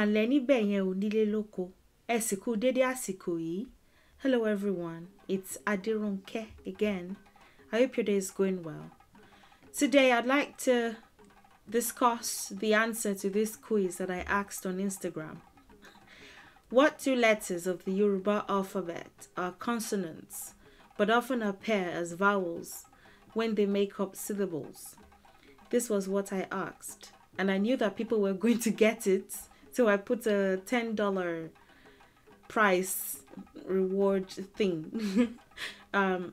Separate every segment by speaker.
Speaker 1: mà lẹ níbẹ̀ ò nílé lóko Esiku dédé Hello everyone, it's Adironke again. I hope your day is going well. Today I'd like to discuss the answer to this quiz that I asked on Instagram. What two letters of the Yoruba alphabet are consonants but often appear as vowels when they make up syllables? This was what I asked, and I knew that people were going to get it so I put a $10 price reward thing. um,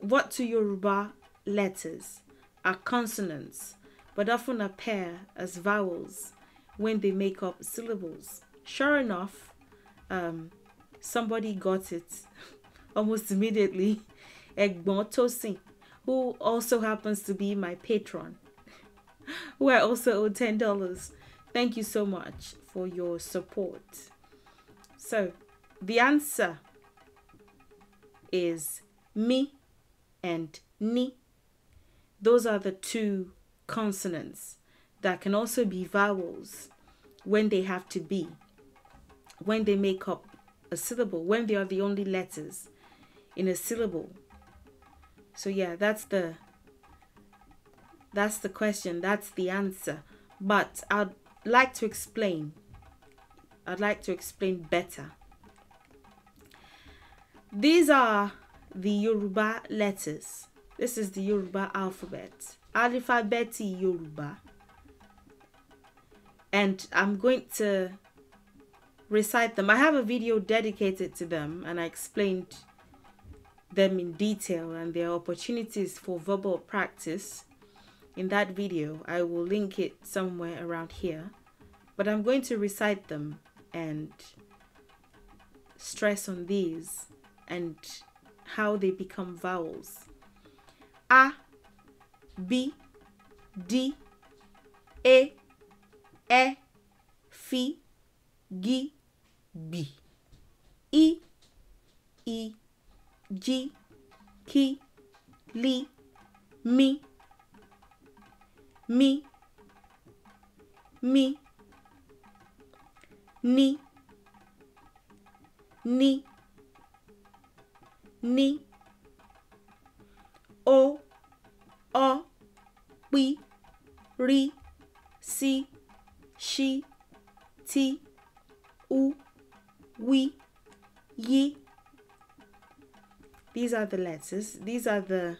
Speaker 1: what to Yoruba letters are consonants, but often appear as vowels when they make up syllables. Sure enough, um, somebody got it almost immediately. Egbon Tosin, who also happens to be my patron, who I also owe $10 Thank you so much for your support. So, the answer is me and ni. Those are the two consonants that can also be vowels when they have to be, when they make up a syllable, when they are the only letters in a syllable. So yeah, that's the that's the question, that's the answer. But I'd like to explain. I'd like to explain better. These are the Yoruba letters. This is the Yoruba alphabet. alphabeti Yoruba. And I'm going to recite them. I have a video dedicated to them and I explained them in detail and their opportunities for verbal practice in that video. I will link it somewhere around here. But I'm going to recite them and stress on these and how they become vowels. A, B, D, E, E, Fi, Ki, Li, Mi, mi, mi, ni, ni, ni, o, o, we, ri, si, she, ti, u, we, ye. These are the letters. These are the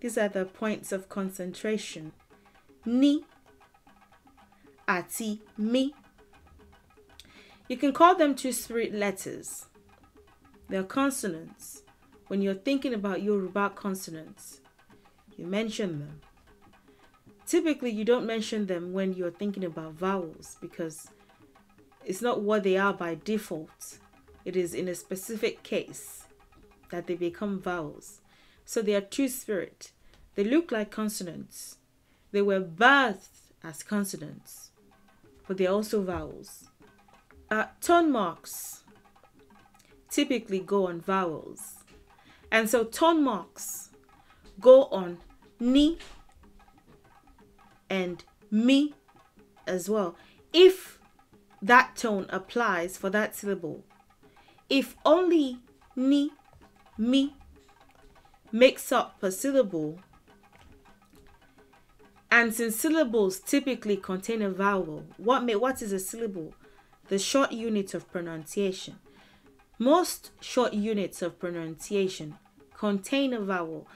Speaker 1: these are the points of concentration. Ni ati mi. You can call them two spirit letters. They're consonants. When you're thinking about Yoruba consonants, you mention them. Typically, you don't mention them when you're thinking about vowels because it's not what they are by default. It is in a specific case that they become vowels so they are two spirit. They look like consonants. They were birthed as consonants, but they are also vowels. Uh, tone marks typically go on vowels. And so tone marks go on ni and me as well. If that tone applies for that syllable, if only ni, me makes up a syllable and since syllables typically contain a vowel, what may, what is a syllable? The short unit of pronunciation. Most short units of pronunciation contain a vowel.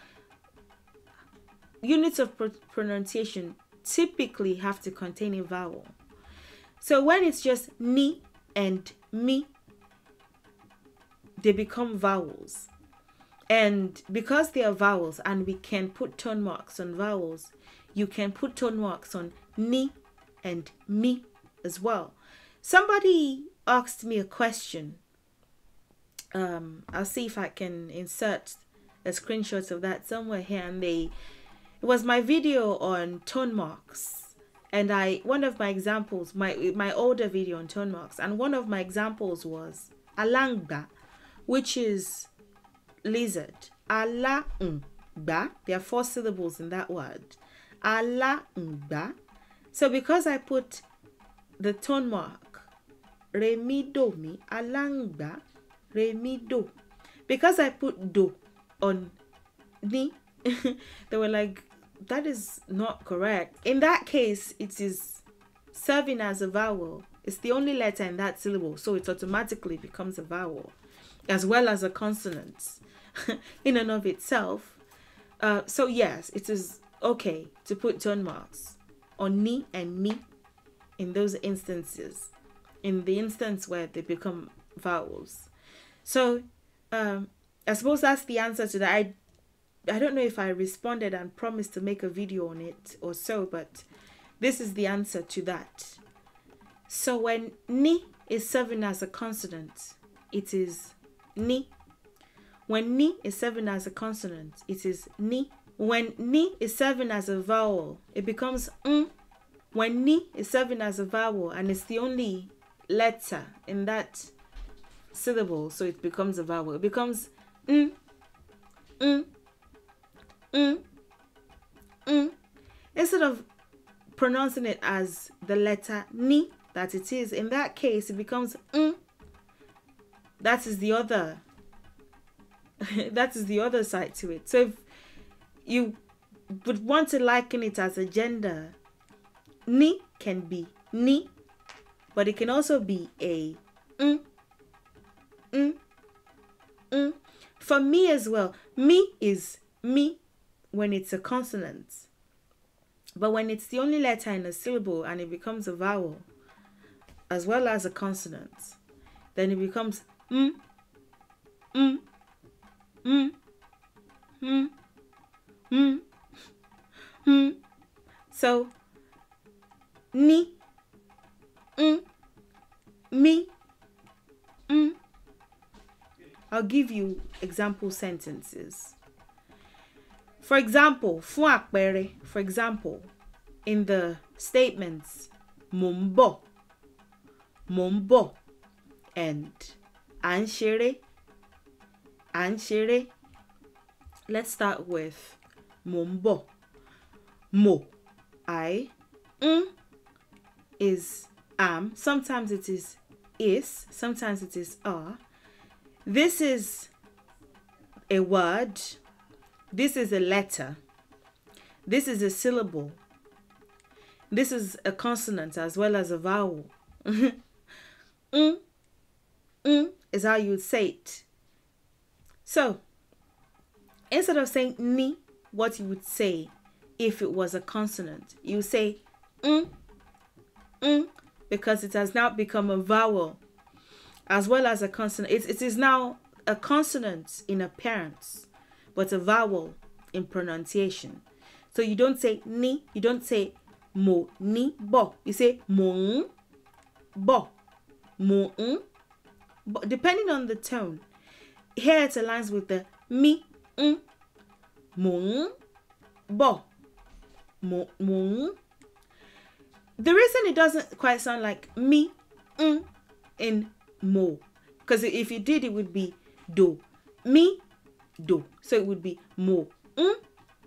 Speaker 1: Units of pr pronunciation typically have to contain a vowel. So when it's just ni and me, they become vowels. And because they are vowels and we can put tone marks on vowels, you can put tone marks on ni and me as well. Somebody asked me a question. Um, I'll see if I can insert a screenshot of that somewhere here. And they, it was my video on tone marks. And I, one of my examples, my my older video on tone marks, and one of my examples was alangba, which is lizard. Ala ngba. There are four syllables in that word. Ala ngba. So because I put the tone mark, remi mi do mi, ala ngba, do. Because I put do on ni, they were like, that is not correct. In that case, it is serving as a vowel. It's the only letter in that syllable, so it automatically becomes a vowel as well as a consonant. in and of itself. Uh, so yes, it is okay to put tone marks on ni and me in those instances, in the instance where they become vowels. So um, I suppose that's the answer to that. I I don't know if I responded and promised to make a video on it or so, but this is the answer to that. So when ni is serving as a consonant, it is ni when ni is serving as a consonant, it is ni. When ni is serving as a vowel, it becomes n. When ni is serving as a vowel and it's the only letter in that syllable, so it becomes a vowel. It becomes n, n, n, n. Instead of pronouncing it as the letter ni that it is, in that case, it becomes n. That is the other that is the other side to it. So if you would want to liken it as a gender, ni can be ni, but it can also be a mm, mm, mm. For me as well, me is me when it's a consonant. But when it's the only letter in a syllable and it becomes a vowel, as well as a consonant, then it becomes m, mm, m, mm, Mm. Mm. Mm. Mm. So, Me. Mm. Me. Mm. I'll give you example sentences. For example, fún for example, in the statements mò ń and anshere. And ń ṣeré let's start with mò ń bọ̀ mo i I um mo is am sometimes it is is sometimes it is are this is a word this is a letter this is a syllable this is a consonant as well as a vowel mm, mm is how you would say it so, instead of saying ni, what you would say if it was a consonant, you say mm, mm, because it has now become a vowel as well as a consonant. It, it is now a consonant in appearance, but a vowel in pronunciation. So you don't say ni, you don't say mo ni bo. You say mo bo, mo bo. Depending on the tone, here it aligns with the mi, ng, mung, bo, mung. The reason it doesn't quite sound like mi, ng, in mo, because if you did, it would be do, mi, do. So it would be mo, ng,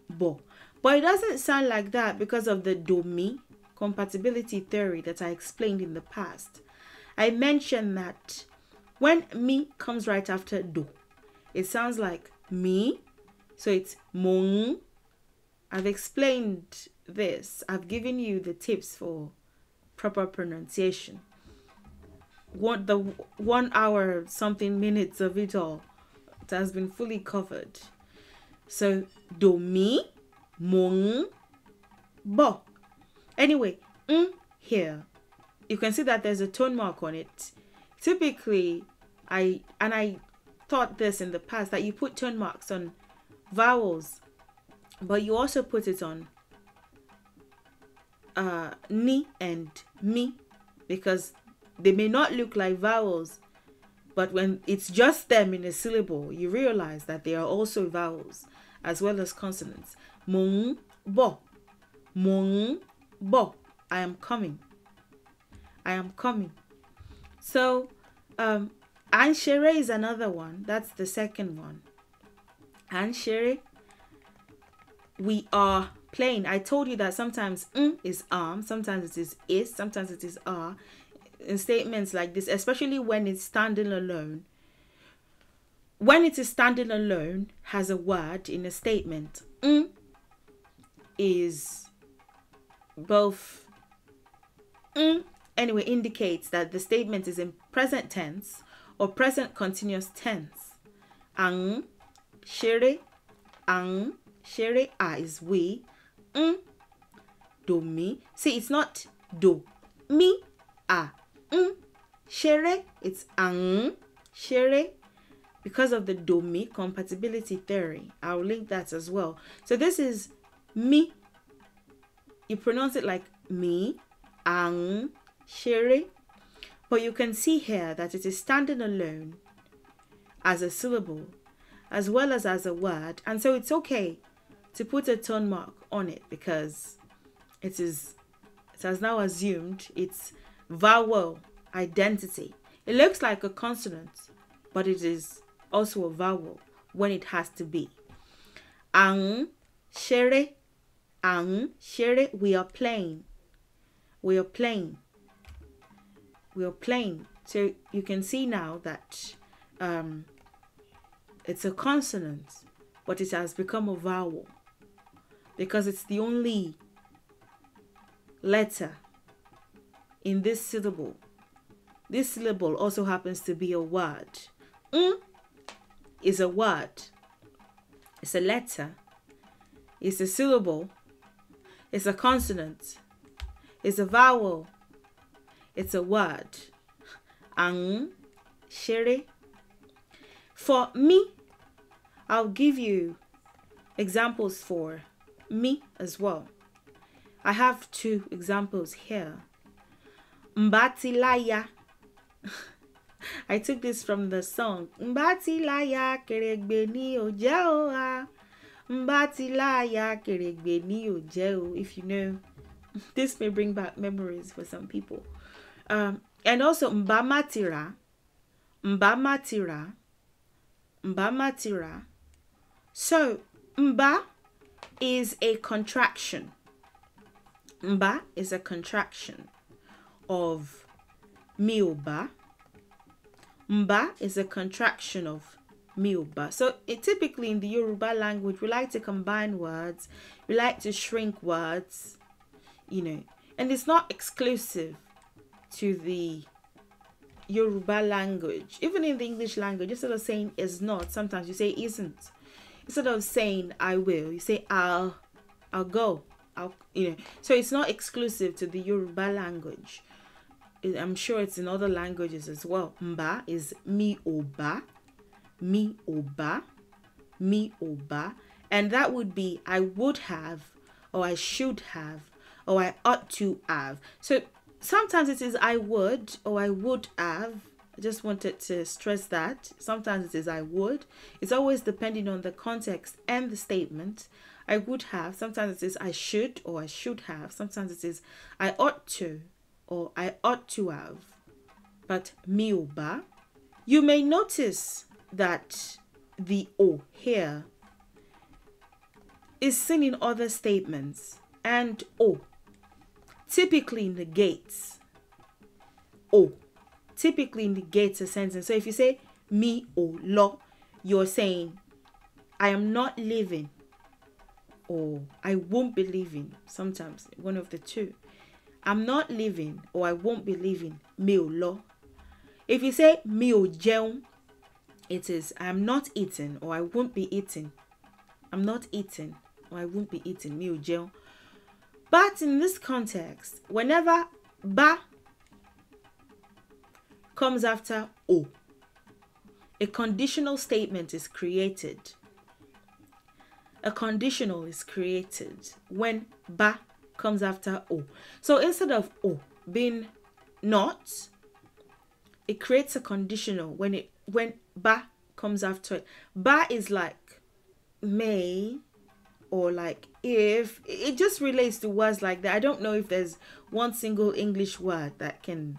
Speaker 1: bo. But it doesn't sound like that because of the do mi compatibility theory that I explained in the past. I mentioned that when mi comes right after do, it sounds like me, so it's mong. I've explained this. I've given you the tips for proper pronunciation. What the one hour something minutes of it all it has been fully covered. So do mi, mong, bo. Anyway, mm here, you can see that there's a tone mark on it. Typically, I and I taught this in the past that you put turn marks on vowels, but you also put it on uh, ni and me because they may not look like vowels, but when it's just them in a syllable, you realize that they are also vowels as well as consonants. Mung bo, mung bo. I am coming. I am coming. So um, Anshere is another one. That's the second one. Anshere. We are playing. I told you that sometimes mm is arm, sometimes it is is, sometimes it is are. In statements like this, especially when it's standing alone. When it is standing alone, has a word in a statement. Mm is both mm, anyway indicates that the statement is in present tense or present continuous tense. Ang, shere, ang, shere, a is we. Ng, do mi. See, it's not do mi a. Ng, shere, it's ang, shere, because of the do mi compatibility theory. I'll link that as well. So this is mi. You pronounce it like me, ang, shere, but you can see here that it is standing alone as a syllable as well as as a word and so it's okay to put a tone mark on it because it is it has now assumed its vowel identity it looks like a consonant but it is also a vowel when it has to be ang shere ang shere we are playing we are playing we are playing. So you can see now that um, it's a consonant, but it has become a vowel because it's the only letter in this syllable. This syllable also happens to be a word. Mm is a word. It's a letter. It's a syllable. It's a consonant. It's a vowel. It's a word. Ang shere. For me, I'll give you examples for me as well. I have two examples here. Mbatilaya. I took this from the song. Mbatilaya keregbe ni oje Mbatilaya keregbe ni If you know, this may bring back memories for some people. Um, and also Mbamatira, Mbamatira, Mbamatira. So Mba is a contraction. Mba is a contraction of Mioba. Mba is a contraction of Mioba. So it, typically in the Yoruba language, we like to combine words, we like to shrink words, you know, and it's not exclusive to the Yoruba language, even in the English language, instead of saying is not, sometimes you say isn't. Instead of saying I will, you say I'll, I'll go. I'll, you know. So it's not exclusive to the Yoruba language. I'm sure it's in other languages as well. Mba is mi oba, mi oba, mi oba, and that would be I would have, or I should have, or I ought to have. So sometimes it is I would or I would have. I just wanted to stress that. Sometimes it is I would. It's always depending on the context and the statement. I would have. Sometimes it is I should or I should have. Sometimes it is I ought to or I ought to have. But miuba, You may notice that the o here is seen in other statements and o typically negates Oh, typically negates a sentence so if you say me o lo you're saying i am not living or i won't be living sometimes one of the two i'm not living or i won't be living Me o lo if you say me o gel, it is i am not eating or i won't be eating i'm not eating or i won't be eating Me o gel. But in this context, whenever ba comes after o, a conditional statement is created. A conditional is created when ba comes after o. So instead of o being not, it creates a conditional when it when ba comes after it. Ba is like may, or like if it just relates to words like that i don't know if there's one single english word that can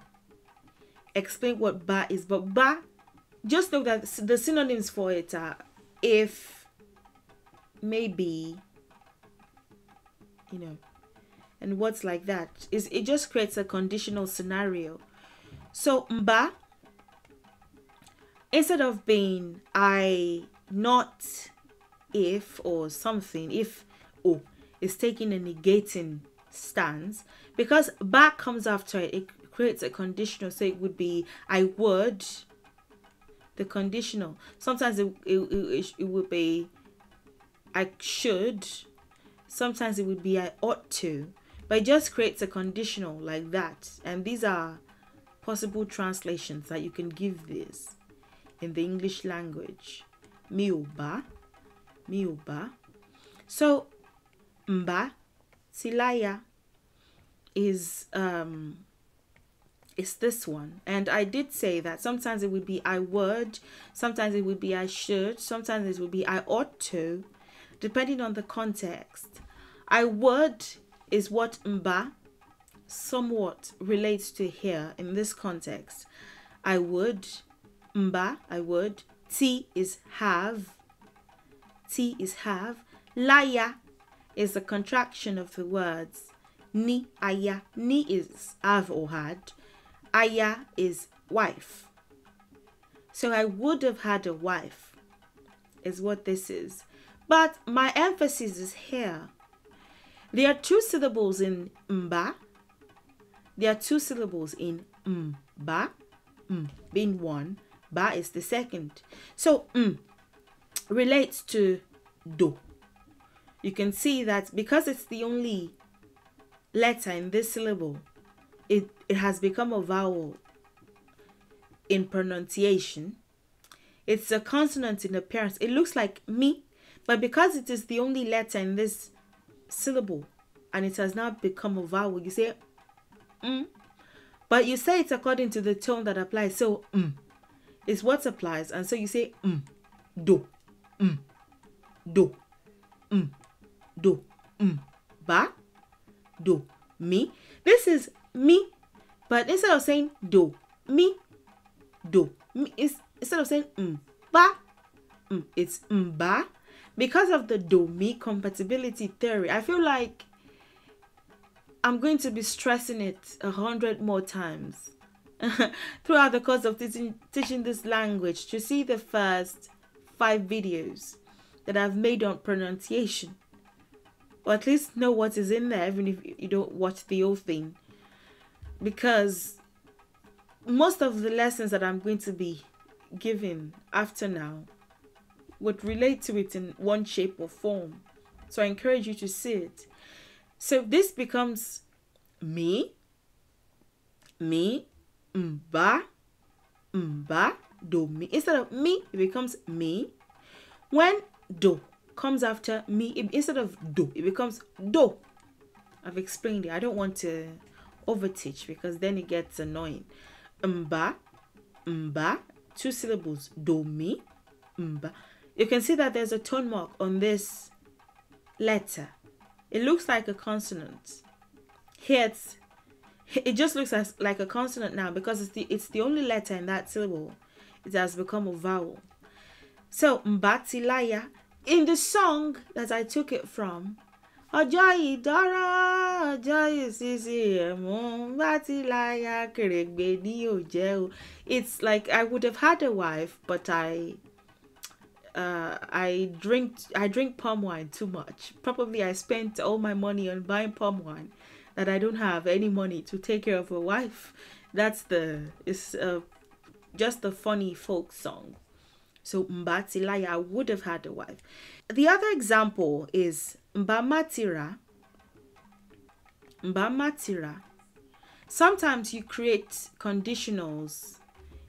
Speaker 1: explain what ba is but ba just know that the synonyms for it are if maybe you know and what's like that is it just creates a conditional scenario so mba instead of being i not if or something if oh, is taking a negating stance because back comes after it it creates a conditional so it would be i would the conditional sometimes it, it, it, it would be i should sometimes it would be i ought to but it just creates a conditional like that and these are possible translations that you can give this in the english language mi bá mi ò bá. So, mba, silaya is um, it's this one. And I did say that sometimes it would be I would, sometimes it would be I should, sometimes it would be I ought to, depending on the context. I would is what mba somewhat relates to here in this context. I would, mba, I would. T is have, T is have. Liar is a contraction of the words ni, aya. Ni is have or had. Aya is wife. So I would have had a wife, is what this is. But my emphasis is here. There are two syllables in mba. There are two syllables in mba, m being one, ba is the second. So m relates to do. You can see that because it's the only letter in this syllable, it, it has become a vowel in pronunciation. It's a consonant in appearance. It looks like me, but because it is the only letter in this syllable and it has now become a vowel, you say mm, but you say it according to the tone that applies. So mm is what applies, and so you say mm, do. Mm. do, m mm. do, m mm. ba, do, mi. This is me, but instead of saying do, me, do, me, is instead of saying m ba, it's m ba. Because of the do, me compatibility theory, I feel like I'm going to be stressing it a hundred more times throughout the course of teaching, teaching this language to see the first five videos that I've made on pronunciation. Or at least know what is in there, even if you don't watch the whole thing. Because most of the lessons that I'm going to be giving after now would relate to it in one shape or form. So I encourage you to see it. So this becomes me, me, mba, mba, do me. Instead of me, it becomes me. When do comes after me, it, instead of do, it becomes do. I've explained it. I don't want to overteach because then it gets annoying. Mba, mba, two syllables. Do me, mba. You can see that there's a tone mark on this letter. It looks like a consonant. Here it's it just looks as, like a consonant now because it's the it's the only letter in that syllable it has become a vowel. So Mbatilaya, in the song that I took it from, Ọjọ́ dara ọjọ́ sisi Mbatilaya ní It's like I would have had a wife, but I uh, I drink I drink palm wine too much. Probably I spent all my money on buying palm wine that I don't have any money to take care of a wife. That's the it's a just the funny folk song. So Mbatilaya would have had a wife. The other example is Mbamatira. Mbamatira. Sometimes you create conditionals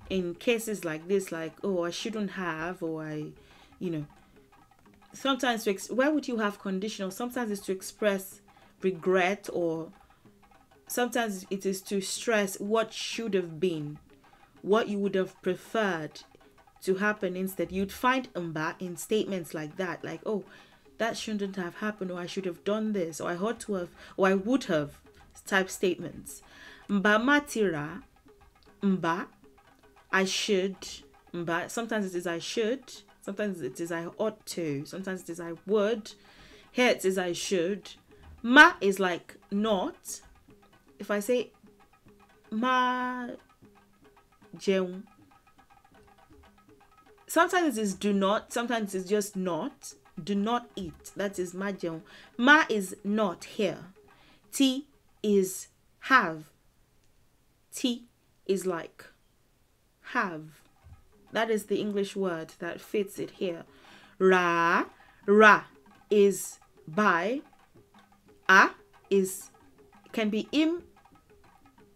Speaker 1: in cases like this, like, oh, I shouldn't have, or I, you know. Sometimes, to ex- where would you have conditional? Sometimes it's to express regret, or sometimes it is to stress what should have been what you would have preferred to happen instead. You'd find umba in statements like that, like, oh, that shouldn't have happened, or I should have done this, or I ought to have, or I would have type statements. Mba matira, mba, I should, mba. Sometimes it is I should, sometimes it is I ought to, sometimes it is I would. Here it is I should. Ma is like not. If I say ma jẹun sometimes it is do not sometimes it's just not do not eat that is má jẹun má is not here t is have t is like have that is the english word that fits it here ra ra is by a is can be him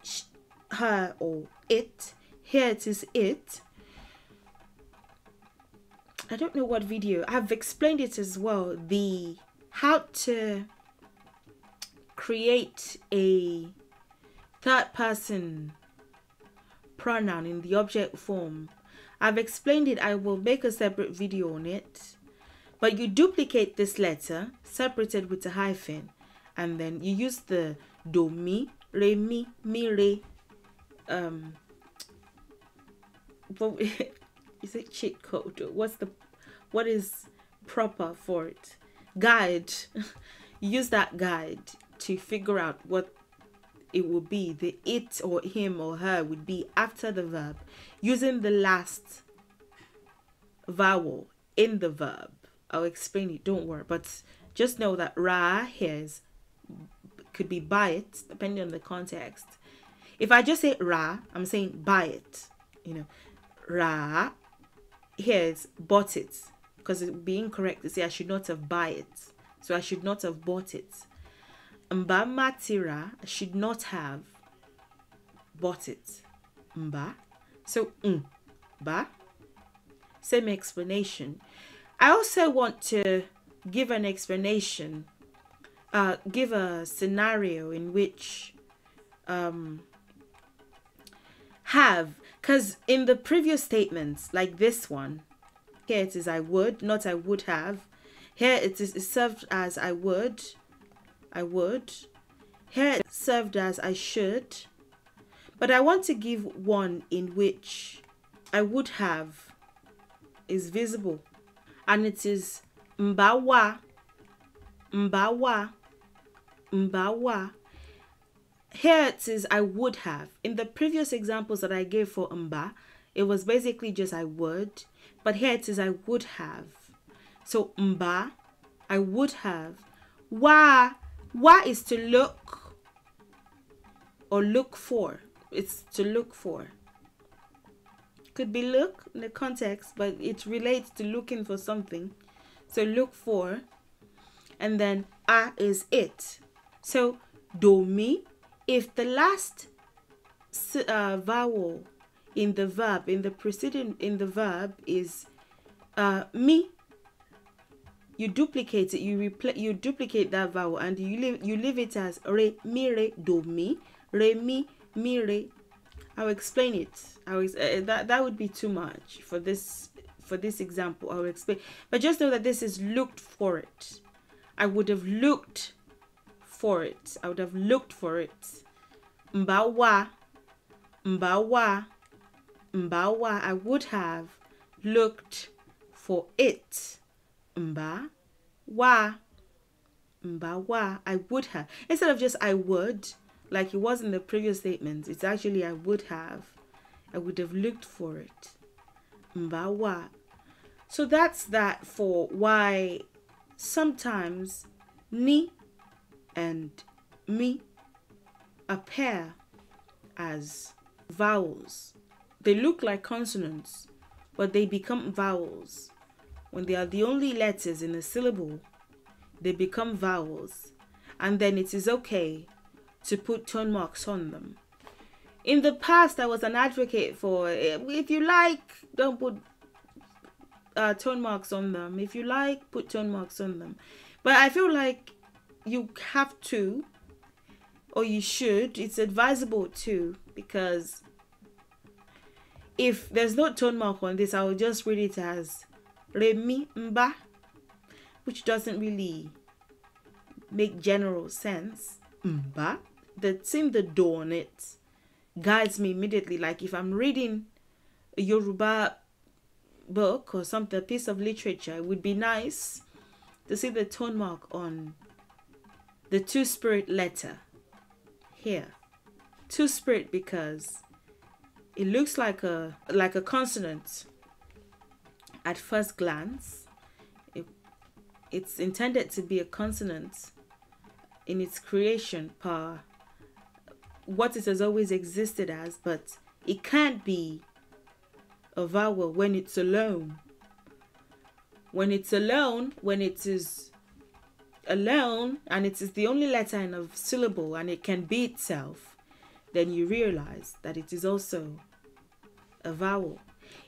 Speaker 1: sh, her or it here it is it I don't know what video I've explained it as well the how to create a third person pronoun in the object form I've explained it I will make a separate video on it but you duplicate this letter separated with a hyphen and then you use the do mi re mi mi re um, what is it cheat code what's the what is proper for it guide use that guide to figure out what it will be the it or him or her would be after the verb using the last vowel in the verb i'll explain it don't worry but just know that ra here is, could be by it depending on the context if i just say ra i'm saying by it you know ra. has bought it because it would be incorrect to say I should not have buy it. So I should not have bought it. Mba matira, should not have bought it. Mba. So mba. Mm, Same explanation. I also want to give an explanation, uh, give a scenario in which um, have because in the previous statements, like this one, here it is I would, not I would have. Here it is it served as I would, I would. Here it served as I should. But I want to give one in which I would have is visible. And it is mbawa, mbawa, mbawa. Here it says I would have. In the previous examples that I gave for umba, it was basically just I would, but here it says I would have. So umba, I would have. Wa, wa is to look or look for. It's to look for. Could be look in the context, but it relates to looking for something. So look for, and then a is it. So do me. If the last uh, vowel in the verb, in the preceding, in the verb is uh, me, you duplicate it, you repl- you duplicate that vowel and you leave, you leave it as re, mi, re, do, mi, re, mi, mi, re. I'll explain it. I was uh, that that would be too much for this for this example. I'll explain, but just know that this is looked for it. I would have looked for it. I would have looked for it. Mbawa. Mbawa. Mbawa. I would have looked for it. Mbawa, mbawa. I would have. Instead of just I would, like it was in the previous statements, it's actually I would have. I would have looked for it. Mbawa. So that's that for why sometimes ni and me appear as vowels. They look like consonants, but they become vowels. When they are the only letters in a syllable, they become vowels, and then it is okay to put tone marks on them. In the past, I was an advocate for eh, if you like, don't put uh, tone marks on them. If you like, put tone marks on them. But I feel like you have to or you should it's advisable to because if there's no tone mark on this i will just read it as remi mba which doesn't really make general sense mba the thing the donut it guides me immediately like if i'm reading a yoruba book or something a piece of literature it would be nice to see the tone mark on the two spirit letter here. Two spirit because it looks like a like a consonant at first glance. It, it's intended to be a consonant in its creation power. what it has always existed as, but it can't be a vowel when it's alone. When it's alone, when it is alone and it is the only letter in a syllable and it can be itself, then you realize that it is also a vowel.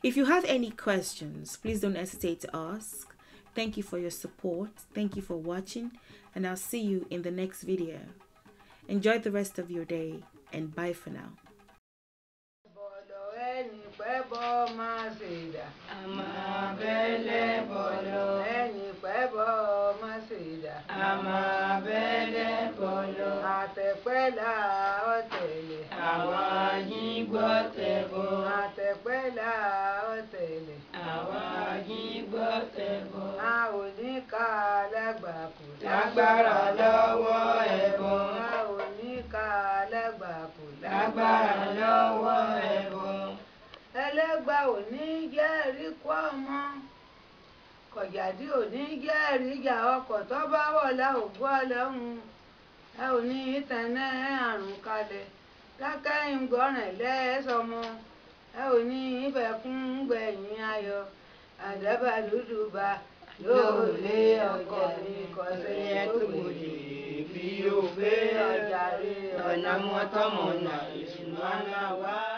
Speaker 1: If you have any questions, please don't hesitate to ask. Thank you for your support. Thank you for watching and I'll see you in the next video. Enjoy the rest of your day and bye for now.
Speaker 2: pẹ́bọ máa ṣe dà. àmà bẹ́lẹ̀ bọ̀ lọ. ẹ̀yìn pẹ́bọ máa ṣe dà. àmà bẹ́lẹ̀ bọ̀ lọ. àtẹ̀pẹ́lá ọ̀tẹ̀lẹ̀. àwa yìí a ò ní ká alágbàkú. lágbára lọ́wọ́ ẹbọ. a ò ní ká alágbàkú. lágbára lọ́wọ́ ẹbọ. ẹlẹ́gba ò ní jẹ́ rí kọ́ ọmọ kọ̀jàdí ò ní jẹ́ rí ìjà ọkọ̀ tó bá wọ̀lá ògbó ọlọ́run ẹ ò ní tẹ̀lé àrùn kalẹ̀ lákẹ́yìn gbọ́ràn lẹ́sọmọ ẹ ò ní ìfẹ̀kún gbẹ̀yìn ayọ̀ dúdú bá yóò lé mi bí yóò ọjà